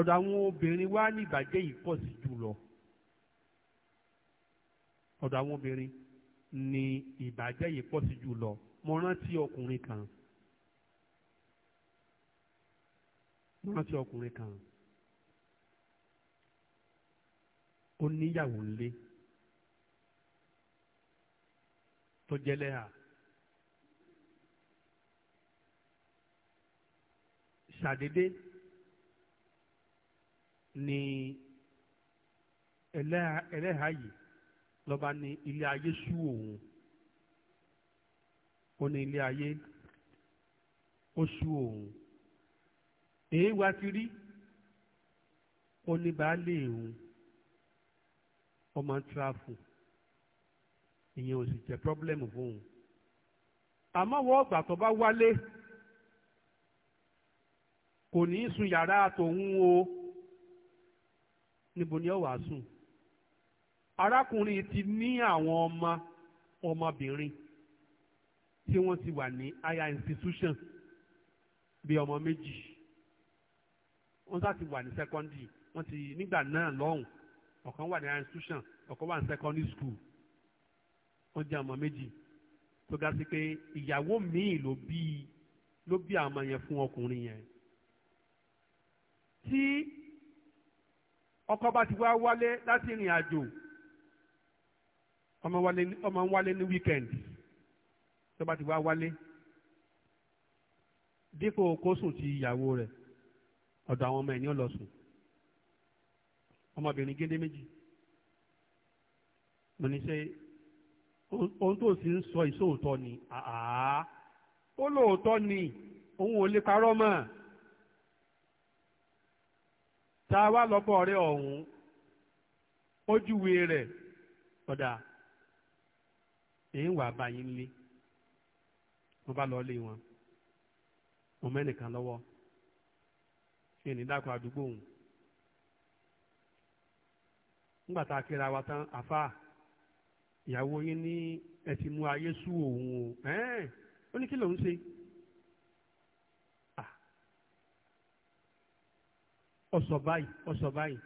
ọ̀dọ̀ àwọn obìnrin wá ní ìbàjẹ́ yìí pọ̀ sí jùlọ ọ̀dọ̀ àwọn obìnrin ni ìbàjẹ́ yìí pọ̀ sí jùlọ mo rántí ọkùnrin kan mo rántí ọkùnrin kan ó níyàwó ńlé tó jẹ́lẹ́ à ni ẹlẹ́hà yìí lọ́ba ní ilé ayé sú òun ó ní ilé ayé ó sú òun èyí wá ti rí ó ní baálé òun ọmọ ń tirafu ìyẹn ò sì jẹ́ pírọ́blẹ́mù fóun àmọ́ wọ́n ọgbà tó bá wálé kò ní í sun yàrá tòun o níbo ni ó wàá sùn arákùnrin ti ní àwọn ọmọ ọmọbìnrin tí wọ́n ti wà ní higher institution bíi ọmọ méjì wọ́n sá ti wà ní secondary wọ́n ti nígbà náà lọ́hùn ọ̀kan wà ní higher institution ọ̀kan wà ní secondary school wọ́n jẹ́ ọmọ méjì tó ga sí pé ìyàwó míì ló bí ló bí àwọn yẹn fún ọkùnrin yẹn tí ọkọ bá ti wá wálé láti ìrìn àjò ọmọ ń wálé ní wíkẹ̀ndì tó bá ti wá wálé dípò kó sùn ti ìyàwó rẹ̀ ọ̀dọ̀ àwọn ọmọ ẹ̀yìn ọlọ́sùn ọmọbìnrin gédé méjì mo ní ṣe ohun tó sì ń sọ ìṣòótọ́ ni àá ó lóòótọ́ ni òun ò lè parọ́ mọ́ tá a wá lọ́bọ̀ ọ̀hún ojúwe rẹ̀ ọ̀dà èyí wà báyìí ńlé wọ́n bá lọ lé wọn mo mẹ́nìkan lọ́wọ́ ṣe ní dákọ̀ àdúgbò òun nígbà tá a wa tán àfa ìyàwó yín ní ẹ ti mú ayé sú òun o ó ní ọsọ báyìí ọsọ báyìí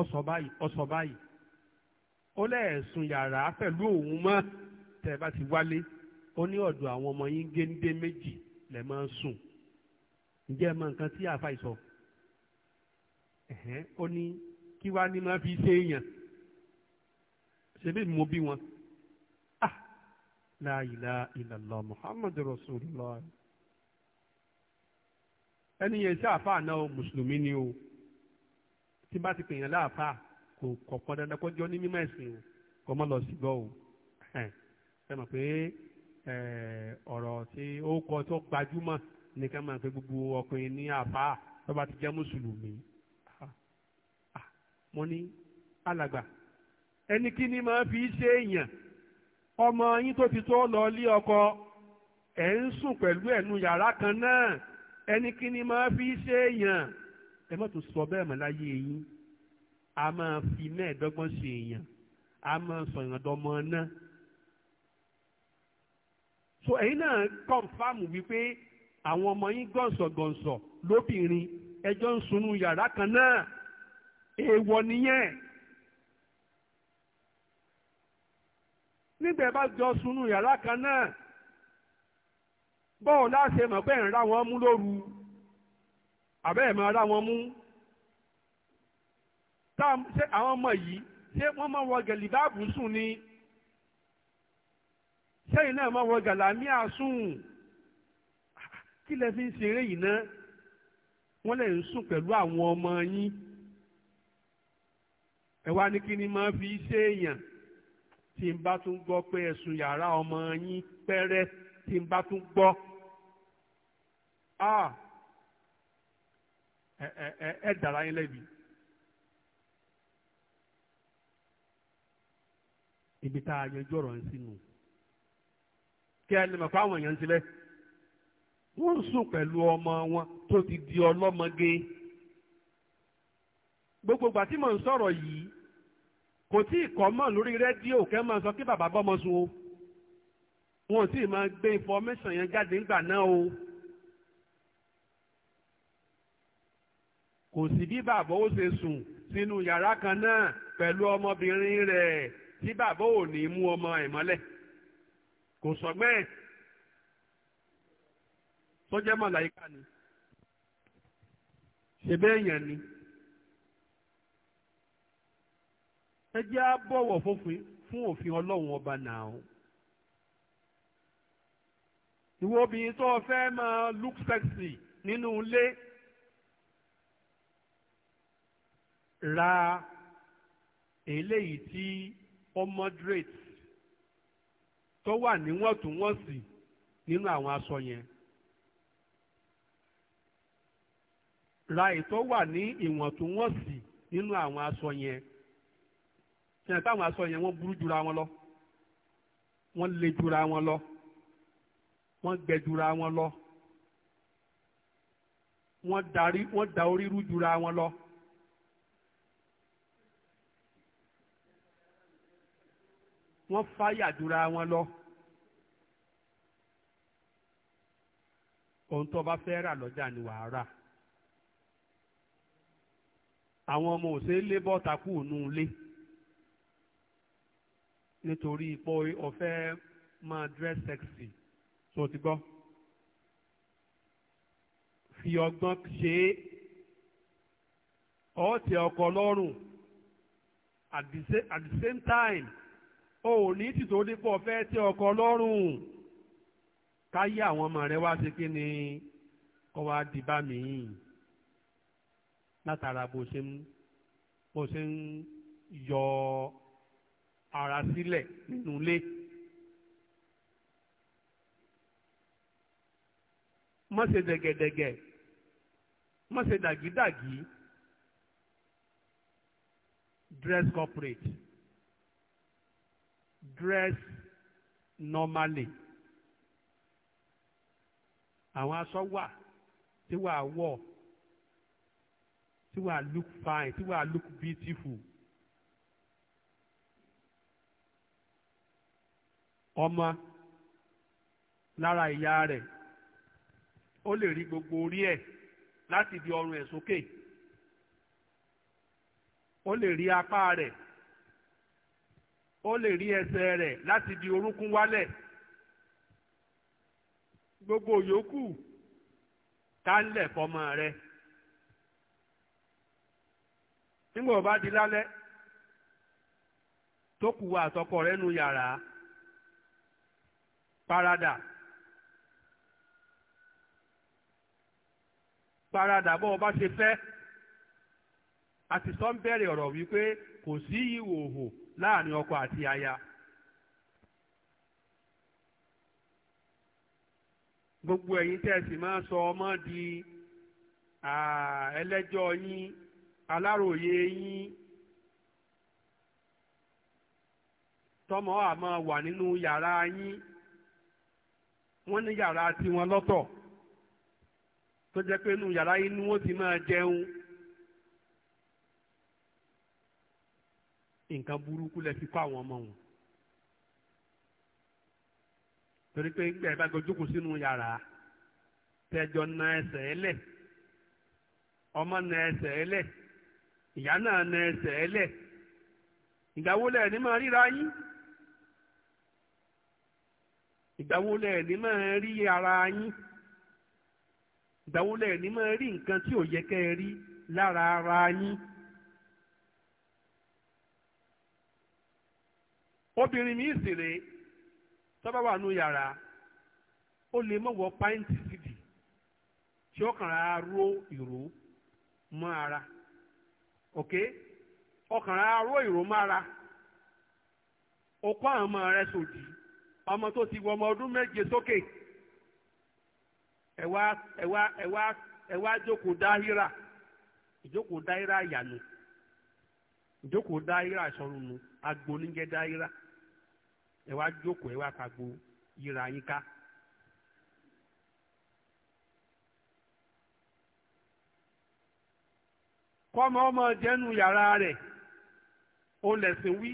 ọsọ báyìí ọsọ báyìí ó lẹ́ẹ̀sùn yàrá pẹ̀lú òun mọ́ tẹ̀ bá ti wálé ó ní ọ̀dọ̀ àwọn ọmọ yín géńdé méjì lẹ̀ máa ń sùn ǹjẹ́ ẹ mọ nǹkan tí àáfà ìsọ ẹ̀hẹ́n ó ní kí wá ní máa fi ṣe èèyàn ṣebí mo bí wọn ah la ilaha muhammadu rasulullah. ẹni yẹn sí àáfàá náà mùsùlùmí ni o tí bá ti pè yàn láàfáà kò kọ̀ọ̀kan dandan jọ ní mímọ̀ ẹ̀sìn o kò lọ sí gbọ́ o ẹ mọ̀ pé ọ̀rọ̀ tí ó kọ tó gbajúmọ̀ nìkan pé gbogbo ọkùnrin ní àáfàá tó bá ti jẹ́ mùsùlùmí ah, ah. mo ní alàgbà ẹni kí ni fi ṣe èèyàn ọmọ yín tó ọkọ ẹ̀ ń sùn pẹ̀lú kan náà. ẹni kí ni fi ṣe èèyàn ẹ sọ bẹ́ẹ̀ mọ́ láyé yín a máa fi ṣe èèyàn a máa sọ náà so ẹ̀yin náà kọ̀ǹfàmù wípé àwọn ọmọ yín gọ̀ǹsọ̀gọ̀ǹsọ̀ lóbìnrin ẹjọ́ ń sunú yàrá kan náà èèwọ̀ nìyẹn. nígbà yara bá jọ sunú yàrá kan náà bọ́ọ̀ láṣẹ mọ̀ pé ń ra wọn mú lóru àbẹ́ ẹ̀ máa ra wọn mú ṣé àwọn ọmọ yìí ṣé wọ́n máa wọ gẹ̀lìbáàbù sùn ni sẹ́yìn náà máa wọ gàlámíà sùn kí lẹ fi ń ṣeré yìí náà wọ́n lè ń sùn pẹ̀lú àwọn ọmọ yín ẹ wá ní kí ni máa fi ṣe èèyàn tí n bá tún gbọ́ pé ẹ̀sùn yàrá ọmọ yín pẹ́rẹ́ tí n bá tún gbọ́. Ah, ẹ ẹ ẹ dara yín lẹ́bi ibi tá a yanjú ọ̀rọ̀ ń sínú kí ẹ lè mọ̀ pé àwọn èèyàn ń tilẹ̀ wọ́n ń sùn pẹ̀lú ọmọ wọn tó ti di ọlọ́mọge gbogbo ìgbà tí mò ń sọ̀rọ̀ yìí kò tí ì kọ́ mọ̀ lórí rédíò kẹ́ máa sọ kí bàbá bọ́mọ sùn o wọn ò tí ì máa gbé information yẹn jáde nígbà náà o. kò sí bí bàbá ó ṣe sùn sínú yàrá kan náà pẹ̀lú ọmọbìnrin rẹ̀ tí bàbá ò ní mú ọmọ ẹ̀ mọ́lẹ̀ kò sọgbẹ́ ẹ̀ tó jẹ́ màláíkà ni ṣe bẹ́ẹ̀ yàn ni. ẹ jẹ́ á bọ̀wọ̀ fófin fún òfin ọlọ́run ọba náà ìwọ obìnrin tó o fẹ́ máa look sexy nínú ilé ra eléyìí tí ó moderate tó wà níwọ̀ntúnwọ̀nsì nínú àwọn aṣọ yẹn ra ètò wà ní ìwọ̀ntúnwọ̀nsì nínú àwọn aṣọ yẹn sẹ́yìn táwọn aṣọ yẹn wọ́n burú jura wọn lọ wọ́n le jura wọn lọ wọ́n gbẹ jura wọn lọ wọ́n darí wọ́n da orí rú jura wọn lọ. wọ́n fáyà jura wọn lọ. ohun tó bá fẹ́ rà lọ́jà ni wàá rà. àwọn ọmọ òsè lé bọ́ta kù nù lé nítorí ipò ọ̀fẹ́ máa dress sexy tó ti gbọ́. fi ọgbọ́n ṣe é ọ̀ọ́tì ọkọ lọ́rùn at the same time o ò ní tìtò dípò fẹ́ tẹ ọkọ lọ́rùn káyé àwọn ọmọ rẹ wá ṣe kí ni kọ́ wá di bá mi yìn látara bó ṣe ń bó ṣe ń yọ ara sílẹ̀ nínú ilé. má dẹ̀gẹ̀dẹ̀gẹ̀ má dàgídàgí dress corporate dress normally àwọn aṣọ wà tí wàá wọ̀ tí wàá look fine tí wàá look beautiful ọmọ lára ìyá rẹ̀ ó lè rí gbogbo orí ẹ̀ láti di ọrùn ẹ̀ sókè ó lè rí apá rẹ̀. o lè rí ese re láti di orúnkún wálẹ̀ gbogbo yòókù kálẹ̀ fọmọ rẹ̀ nígbà ó di tó kù wá àtọkọ nu yàrá parada parada ṣe àti láàrin ọkọ àti aya gbogbo ẹ̀yin tẹ́ ẹ sì máa sọ ọmọ di ẹlẹ́jọ́ yín aláròye yín tọmọ àmọ́ wà nínú yàrá yín wọn ní yàrá tiwọn lọ́tọ̀ tó jẹ́ pé inú yàrá yín ni wọ́n ti máa jẹun. nǹkan burúkú lẹ fi kọ́ àwọn ọmọ wọn torí pé gbẹ bá gbọ́ jókòó sínú yàrá tẹjọ na ẹsẹ̀ ẹlẹ̀ ọmọ na ẹsẹ̀ ẹlẹ̀ ìyá náà na ẹsẹ̀ ẹlẹ̀ ìgbàwo lẹ ní máa ríra yín ìgbàwo lẹ ní máa rí ara yín ìgbàwo lẹ ní máa rí nǹkan tí ò yẹ kẹ́ ẹ rí lára ara yín. obìnrin mi sì rè tọ́ba wà nù yàrá ó lè mọ̀ wọ pàǹtì sídì tí ó kàn á ró ìró mọ́ ara ok ọkàn á ró ìró mọ́ ara ó kọ́ àwọn ọmọ rẹ sòdì ọmọ tó ti wọ ọmọ ọdún méje sókè ẹ wá jókòó dáhírà dáhírà ẹ wá jókòó ẹ wá kagbo yíra yín ká. kọ́mọ ọmọ jẹ́nu yàrá rẹ̀ ó lẹ̀sìn wí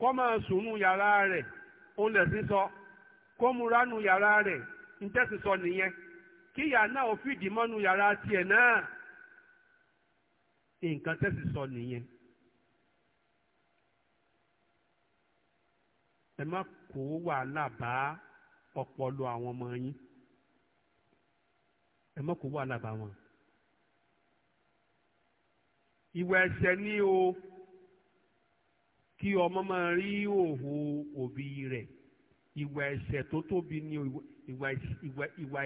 kọ́mọ sùnú yàrá rẹ̀ ó lẹ̀sìn sọ kọ́múránú yàrá rẹ̀ ń tẹ́sí sọ nìyẹn kíyà náà ò fìdí mọ́nu yàrá tiẹ̀ náà nǹkan tẹ́sí sọ nìyẹn. ẹ má kó wàhálà bá ọpọlọ àwọn ọmọ yín ẹ má kó wàhálà bá wọn. ìwà ẹ̀ṣẹ̀ ni o kí ọmọ máa rí òhò òbí rẹ̀ ìwà ẹ̀ṣẹ̀ tó tóbi ni ìwà ìwà ìwà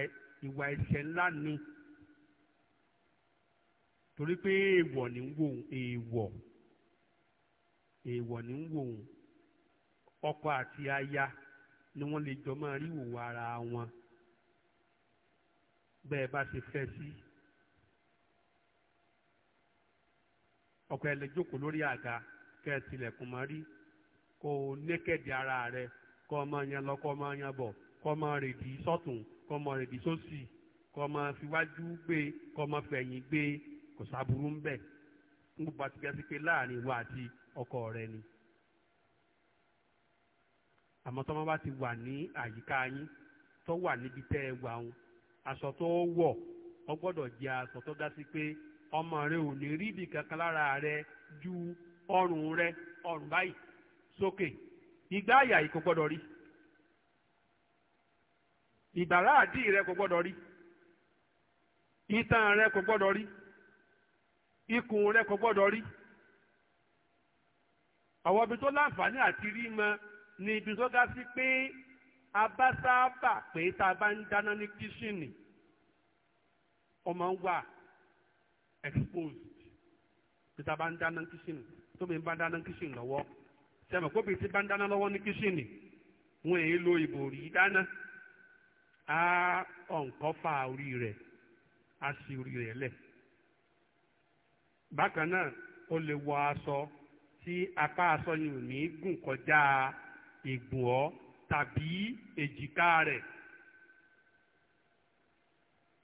ìwà ẹ̀ṣẹ̀ ńlá ni torí pé èèwọ̀ ni ń wò èèwọ̀ èèwọ̀ ni ń wò ọkọ àti aya ni wọn lè jọ máa rí ìwòwò ara wọn bẹ́ẹ̀ bá ṣe fẹ́ sí. ọkọ ẹ lè jókòó lórí àga kẹ ẹ tilẹ̀kùn mọ́ rí kó o nékèdè ara rẹ kọ o máa yan lọ kó o máa yan bọ̀ kó o máa rèdí sọ́tún kó o máa rèdí sósì kó o máa fiwájú gbé kó o máa fẹ̀yìn gbé kò sábúrú ń bẹ̀ ń gbogbo àti gẹ́sí pé láàrin ìwọ àti ọkọ rẹ ni. àmọ́ tọ́mọ bá ti wà ní àyíká yín tó wà níbi tẹ́ ẹ aṣọ tó wọ̀ ọ gbọ́dọ̀ jẹ́ aṣọ tó dá sí pé ọmọ rẹ ò ní rí ibì kankan lára rẹ ju ọrùn rẹ ọrùn báyìí sókè àyà yìí kò gbọ́dọ̀ rí ìbàrá àdí rẹ kò gbọ́dọ̀ rí itan rẹ kò gbọ́dọ̀ rí ikùn rẹ kò gbọ́dọ̀ rí tó láǹfààní àti rí mọ́ ni ibi tó ga sí pé a bá pé tá a bá ń dáná ní kíṣìnì ọmọ ń wà exposed pé tá a bá ń dáná ní kíṣìnì tóbi ń bá dáná ní kíṣìnì lọ́wọ́ sẹ́mi kóbi tí bá ń dáná lọ́wọ́ ní kíṣìnì wọn èyí lo ìbòrí dáná á ọ̀nkọ́ fa orí rẹ̀ á sì orí rẹ̀ lẹ̀ bákan náà ó lè wọ aṣọ tí apá aṣọ yìí ò ní gùn kọjá ìgùn ọ́ tàbí èjìká rẹ̀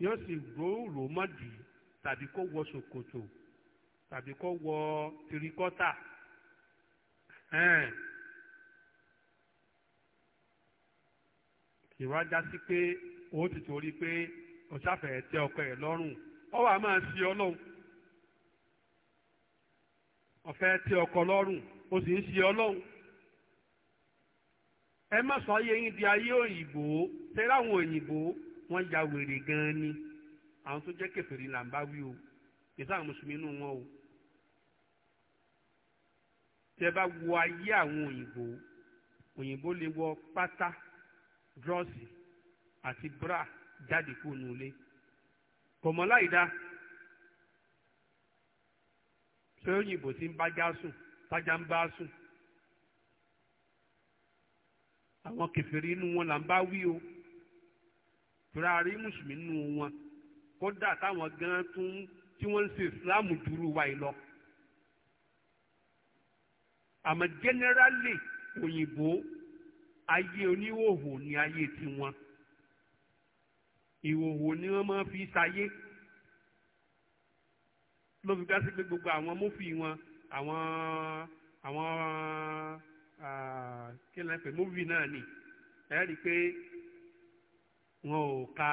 yóò sì gbóòrò mọ́dì tàbí kó wọ ṣòkòtò tàbí kó wọ tirikọ́tà kì wá já sí pé o ti torí pé o ṣàfẹ́ tẹ ọkọ ẹ̀ lọ́rùn ọ wà máa ṣe ọlọ́run ọ̀fẹ́ tẹ ọkọ lọ́rùn o sì ń ṣe ọlọ́run ẹ má sọ ayé yín di ayé òyìnbó tẹ́lẹ̀ àwọn òyìnbó wọ́n ya wèrè gan-an ni àwọn tó jẹ́ kèfèrí là ń bá wí o ìsá àwọn mùsùlùmí inú wọn o tẹ́ bá wo ayé àwọn òyìnbó òyìnbó lè wọ pátá drọ́ọ̀sì àti bra jáde kúrò nílé kọ̀mọ́lá ìdá ṣé òyìnbó ti ń bájá sùn tájá ń bá sùn àwọn kẹfìrí inú wọn là ń bá wí o tura rí mùsùlùmí nù wọn kódà táwọn gan tún tí wọ́n ń ṣe ìsìláàmù dúró wa yìí lọ. àmọ́ jẹ́nẹ́rálì òyìnbó ayé oníhòòhò ni ayé tiwọn ìhòòhò ni wọ́n máa fi ṣayé ló fi gásí pé gbogbo àwọn mọ́fì wọn àwọn àwọn kí ló ń pè múvì náà ni ẹ rí i pé wọn ò ka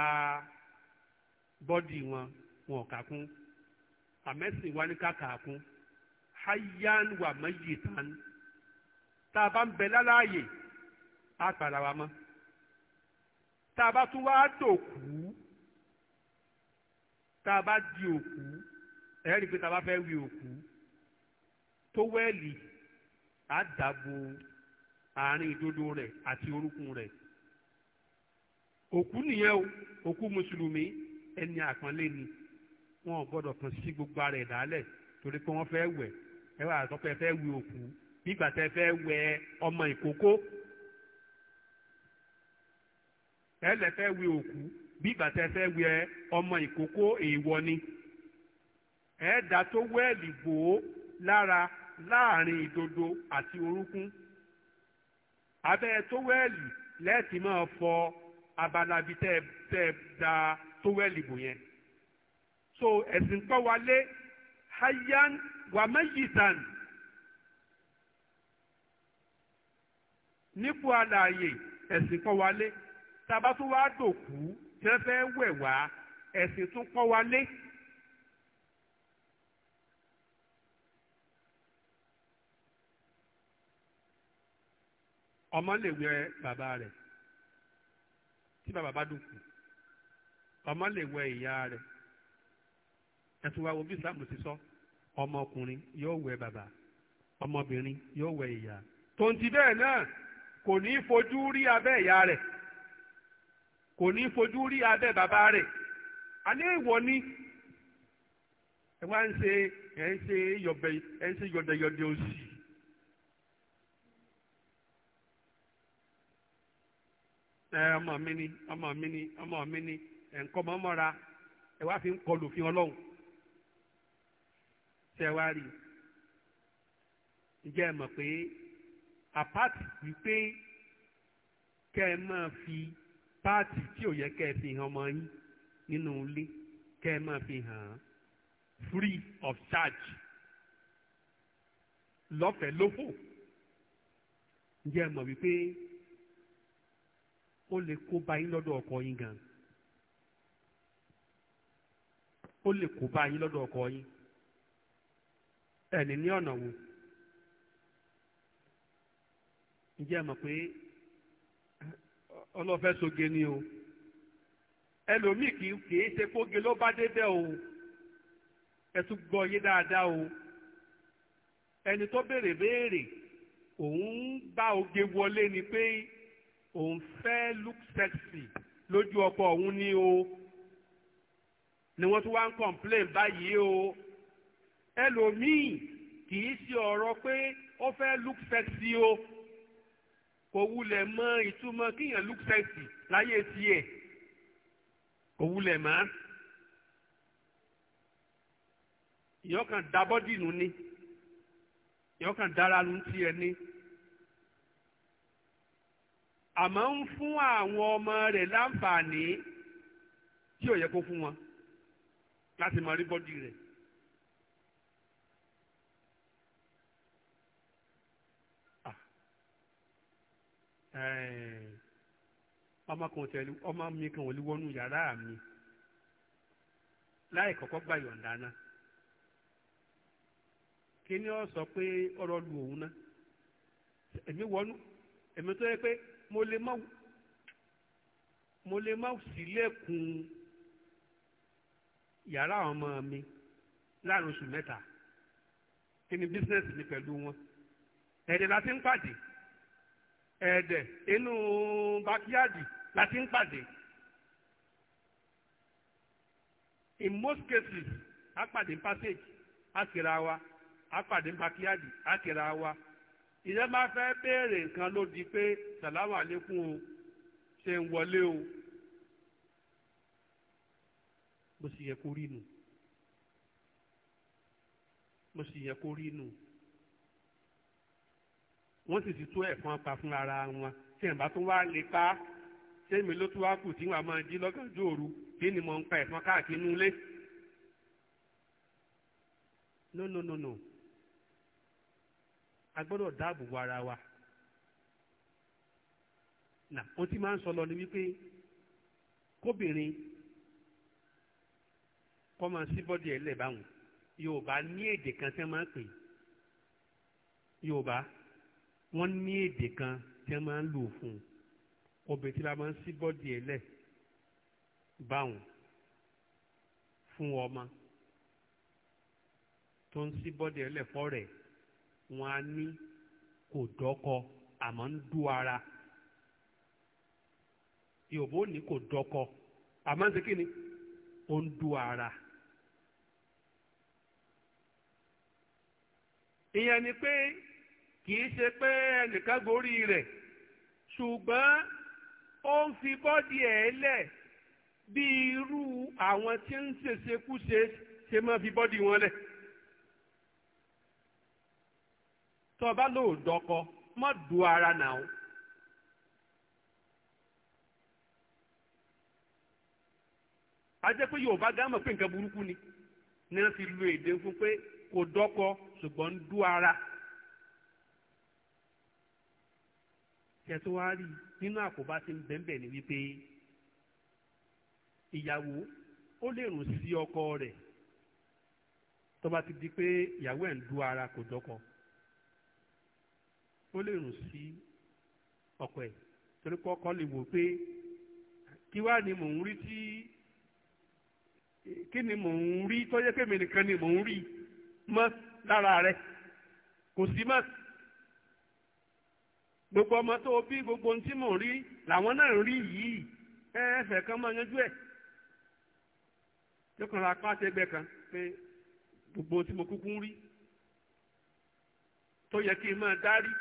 bọ́dì wọn wọn ò kà kún àmẹ́sìn wa ní ká kà kún hayyan wa mayitan tá a bá ń bẹ láláàyè á gbàlà wa mọ́ tá a bá tún wá dòkú tá a bá di òkú ẹ rí i pé tá a bá fẹ́ wí òkú tó wẹ́ẹ̀lì á dàbò àárín ìdodo rẹ̀ àti orúkún rẹ̀ òkú nìyẹn o òkú mùsùlùmí ẹni àpọ́nlé ni wọn ò gbọ́dọ̀ kàn sí gbogbo ara ẹ̀ dálẹ̀ torí pé wọ́n fẹ́ wẹ̀ ẹ wà sọ pé ẹ fẹ́ wẹ òkú nígbà tẹ fẹ́ wẹ ọmọ ìkókó ẹ lẹ fẹ́ wẹ òkú nígbà tẹ fẹ́ wẹ ọmọ ìkókó èèwọ̀ ni ẹ dà tó wẹ́ẹ̀lì bò lára láàrin ìdodo àti orúnkún abẹ́ tówẹ́ẹ̀lì lẹ́ẹ̀tì máa fọ abala bíi tẹ́ da tówẹ́ẹ̀lì bò yẹn so ẹ̀sìn kọ́ wa lé hayyan wàmẹ́yìtàn nípò àlàyé ẹ̀sìn kọ́ wa lé tá a bá dòkú tí wọ́n fẹ́ tún kọ́ wa ọmọ lè wẹ bàbá rẹ̀ tí bàbá bá dùn kù ọmọ lè wẹ ìyá rẹ̀ ẹtù wa wo bí islam ti sọ ọmọkùnrin yóò wẹ bàbá ọmọbìnrin yóò wẹ ìyá tonti bẹ́ẹ̀ náà kò ní í fojú rí abẹ́ ìyá rẹ̀ kò ní í fojú rí abẹ́ bàbá rẹ̀ alẹ́ ìwọ ni ẹ wá ń ṣe ẹ ń ṣe yọ̀bẹ ẹ ń ṣe yọ̀dẹ̀yọ̀dẹ̀ òsì. ẹ ọmọ mi ni ọmọ mi ni ọmọ mi ni ẹ nǹkan ọmọ mọ́ra ẹ wá fi ń kọ lòfin ọlọ́run ṣe wá rí i ǹjẹ́ ẹ mọ̀ pé àpáàtì wípé kẹ́ ẹ máa fi páàtì tí ò yẹ kẹ́ ẹ fi hàn ọmọ yín nínú ilé kẹ́ ẹ máa fi hàn án free of charge lọ́fẹ̀ẹ́ lófò ǹjẹ́ ẹ mọ̀ wípé ó lè kó bá yín lọ́dọ̀ ọkọ yín gan ó lè kó bá lọ́dọ̀ ọkọ yín ẹni ní ọ̀nà wo ǹjẹ́ ẹ mọ̀ pé ọlọ́fẹ́ soge ni o ẹlòmíì kì í kìí ṣe kóge ló bá débẹ̀ o ẹ tún gbọ́ yé dáadáa o ẹni tó béèrè béèrè òun bá oge wọlé ni pé òun fẹ́ look sexy lójú ọkọ òun ni o ni wọ́n tún wá ń complain báyìí o ẹlòmíì kì í ṣe ọ̀rọ̀ pé ó fẹ́ look sexy o kò wulẹ̀ mọ ìtumọ̀ kíyàn look sexy láyé tiẹ̀ kò wulẹ̀ mọ́ ìyọkàn da bọ́dì nù ni ìyọkàn dára nù tiẹ̀ ni àmọ́ ń fún àwọn ọmọ rẹ̀ láǹfààní tí ò yẹ kó fún wọn láti máa rí bọ́dì rẹ̀. Ah. Eh. ọmọ kan tẹ̀lé ọmọ mi kan ò lè wọnú yàrá mi láì kọ́kọ́ gbà yọ̀ǹda náà kíní ọ sọ pé ọ̀rọ̀ lu òun náà èmi wọnú èmi tó yẹ pé mo lè má mo lè má ṣílẹ̀kùn yàrá àwọn ọmọ mi láàrin oṣù mẹ́ta kí ni bísínẹ́sì mi pẹ̀lú wọn ẹ̀dẹ̀ la ti ń pàdé ẹ̀dẹ̀ inú bákíyàdì la ti ń pàdé in most cases a pàdé passage a kìra wa a pàdé bákíyàdì a kìra wa ìyẹn bá fẹ́ béèrè nǹkan ló di pé sàlámù àlékún o ṣe ń wọlé o mo sì yẹ kó rí nu mo sì yẹ kó rí nu wọ́n sì ti tó ẹ̀fọn pa fún ara wọn tí ẹ̀ bá tún wá lè pa sẹ́mi ló tún wá kù tí wàá máa jí lọ́gànjọ́ òru kí ni mo ń pa ẹ̀fọn káàkiri nulẹ̀ no no no no a gbọ́dọ̀ dáàbò bo ara wa nà ó ti máa ń sọ lọ ni wípé kóbìnrin kọ́ máa sí bọ́dì ẹ̀ lẹ̀ báwọn yorùbá ní èdè kan tí wọ́n máa ń pè yorùbá wọ́n ní èdè kan tí wọ́n máa ń lò fún obìnrin tí wọ́n máa ń sí bọ́dì ẹ̀ báwọn fún ọmọ tó ń sí bọ́dì ẹ̀ fọ́ rẹ̀ wọn á ní kò dọ́kọ àmọ́ ń dú ara yorùbá ní kò dọ́kọ àmọ́ ń ṣe ni ó ń dú ara. ìyẹn ni pé kì í ṣe pé ẹnìkan gorí rẹ̀ ṣùgbọ́n ó ń fi bọ́dì ẹ̀ lẹ̀ bí irú àwọn tí ń ṣèṣekúṣe ṣe máa fi bọ́dì wọn lẹ̀. tó o bá lóòdọ́ ọkọ mọ́ du ara nà ó. a jẹ́ pé Yorùbá gan mọ̀ pé nǹkan burúkú ni ní wọ́n fi lu èdè fún pé kò dọ́kọ ṣùgbọ́n ń du ara. tẹ̀tún nínú àkóbá tí ń bẹ̀ǹbẹ̀ ni wípé ìyàwó ó lè rùn sí ọkọ rẹ̀ tó ti di pé ìyàwó ẹ̀ ń du ara kò dọ́kọ ó lè rùn sí ọkọ ẹ̀ torí kọ́kọ́ lè wò pé kí wá ni mò ń rí tí kí ni mò ń rí tó yẹ kémi nìkan ni mò ń rí mọ́ lára rẹ̀ kò sí mọ́ gbogbo ọmọ tó bí gbogbo ohun tí mò ń rí làwọn náà ń rí yìí ẹ ẹsẹ̀ kan máa yanjú ẹ̀ lókàn ra pàṣẹ ẹgbẹ́ kan pé gbogbo ohun tí mo kúkú ń rí tó yẹ kí n máa dárí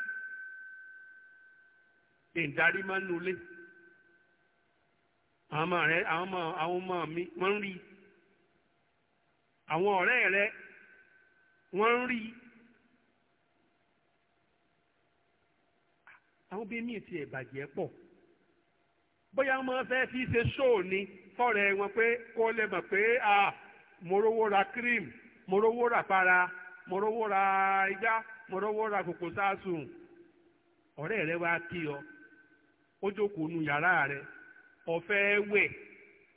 ìdarí máa ń nulẹ̀ àwọn ọmọ rẹ àwọn ọmọ àwọn ọmọ mi wọ́n ń rí àwọn ọ̀rẹ́ rẹ wọ́n ń rí àwọn bí mi ti ẹ̀bàjẹ́ pọ̀ bóyá wọ́n fẹ́ fi ṣe ṣóò ni fọ́rẹ̀ wọn pé kó lè mọ̀ pé mo rówó ra cream mo rówó ra para mo rówó ra igbá mo rówó ra kòkó sáàsùn ọ̀rẹ́ rẹ wá kí ọ. ó jókòó nu yàrá rẹ̀ ọ̀fẹ́ wẹ̀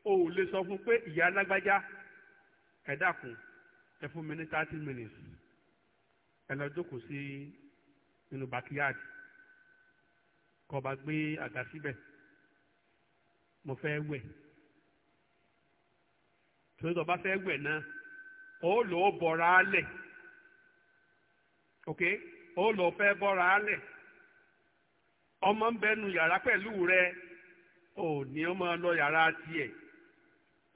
o ò lè sọ fún pé ìyá alágbájá ẹ dákun ẹ fún mi ní thirty minutes ẹ lọ jókòó sí inú backyard kọba gbé àga mo fẹ́ wẹ̀ torí tó bá náà ó lò ó á ok ó lò ó ọmọ ń bẹnu yàrá pẹ̀lú rẹ ò ní ọmọ lọ yàrá tiẹ̀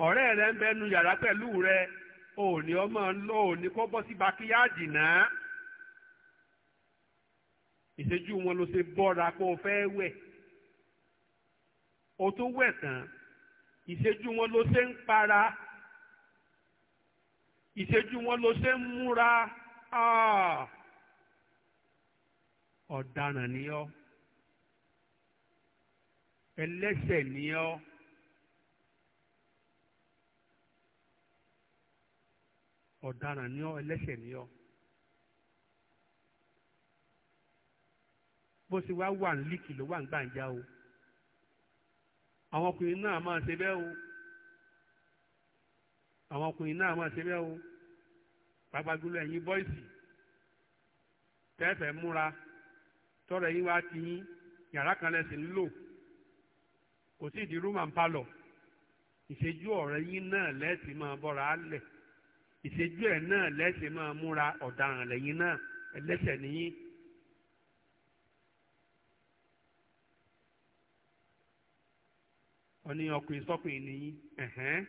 ọ̀rẹ́ rẹ ń bẹnu yàrá pẹ̀lú rẹ ò ní ọmọ lọ ò ní kó bọ́ sí náà ìṣẹ́jú wọn ló ṣe bọ́ra kó fẹ́ o wẹ̀ tán ìṣẹ́jú wọn ló ṣe ń para wọn ló ṣe ń múra ọ̀daràn ẹlẹ́ṣẹ̀ ni ọ́. ọ̀daràn ni ọ́ ẹlẹ́ṣẹ̀ ni ọ́. bó ṣe wá wà ní líkì ló wà ń gbàǹjà o. àwọn ọkùnrin náà máa ṣe bẹ́ẹ̀ o. àwọn ọkùnrin náà máa ṣe bẹ́ẹ̀ o. pàgbàgbọ́lọ̀ ẹ̀yin bọ́ìsì tẹ́fẹ̀ẹ́ múra tọ́rọ yín wá ti yín yàrá kan lẹ́sìn ń kò sí ìdí room and parlour ìṣẹ́jú ọ̀rẹ́ yín náà lẹ́sì máa bọ́ra á lẹ̀ ìṣẹ́jú ẹ̀ náà lẹ́sì máa múra ọ̀daràn lẹ́yìn náà ẹlẹ́sẹ̀ nìyí. ọ̀ní ọkùnrin sọ́kùnrin nìyí ẹ̀hẹ́n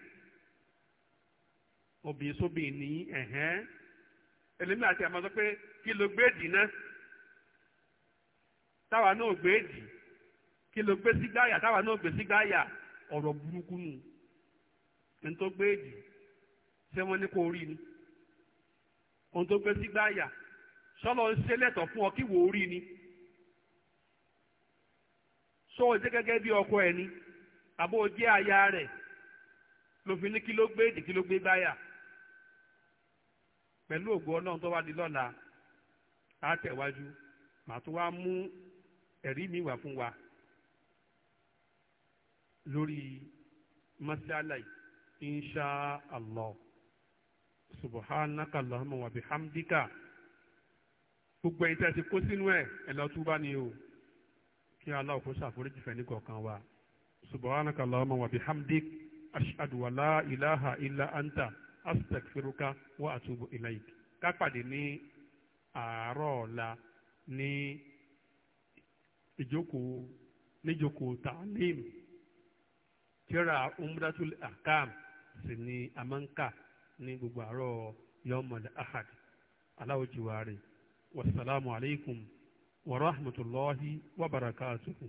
obìnrin sóbìnrin nìyí ẹ̀hẹ́n ẹlẹ́mí àti àmọ́ sọ pé kí ló gbé dì náà táwa náà gbé dì í kí ló gbé sí gbáyà táwa náà gbé sí gbáyà ọ̀rọ̀ burúkú nù ẹni tó gbé èdè ṣé wọ́n ní kó rí ni ohun tó gbé sí gbáyà sọlọ ń ṣe lẹ́tọ̀ọ́ fún ọ kí wò ó rí ni sọ òjẹ́ gẹ́gẹ́ bí ọkọ ẹni àbó òjẹ́ aya rẹ̀ lófin ní kí ló gbé èdè kí ló gbé gbáyà pẹ̀lú ògo ọlọ́run tó wá di lọ́la á tẹ̀wájú màá tó wá mú ẹ̀rí mi wá fún wa lórí masala yìí insha allah subhanaka allahumma wa bihamdika gbogbo ẹ̀yin tí a ti kó sínú ẹ̀ ẹ̀ lọ túbá ni o kí aláwọ̀ kó ṣàforíjì fẹ́ ní kọ̀ọ̀kan wa subhanaka allahumma wa bihamdik ashhadu wa la ilaha illa anta astaghfiruka wa atubu ilayk ká ní àárọ̀ ọ̀la ní ìjókòó níjókòó tàlímù tíra umratul akam sì ni a máa ń kà ní gbogbo àárọ̀ yọmọl ahad aláwòjìwárí wasalaamualeykum wa rahmatulahi wa barakatuhu.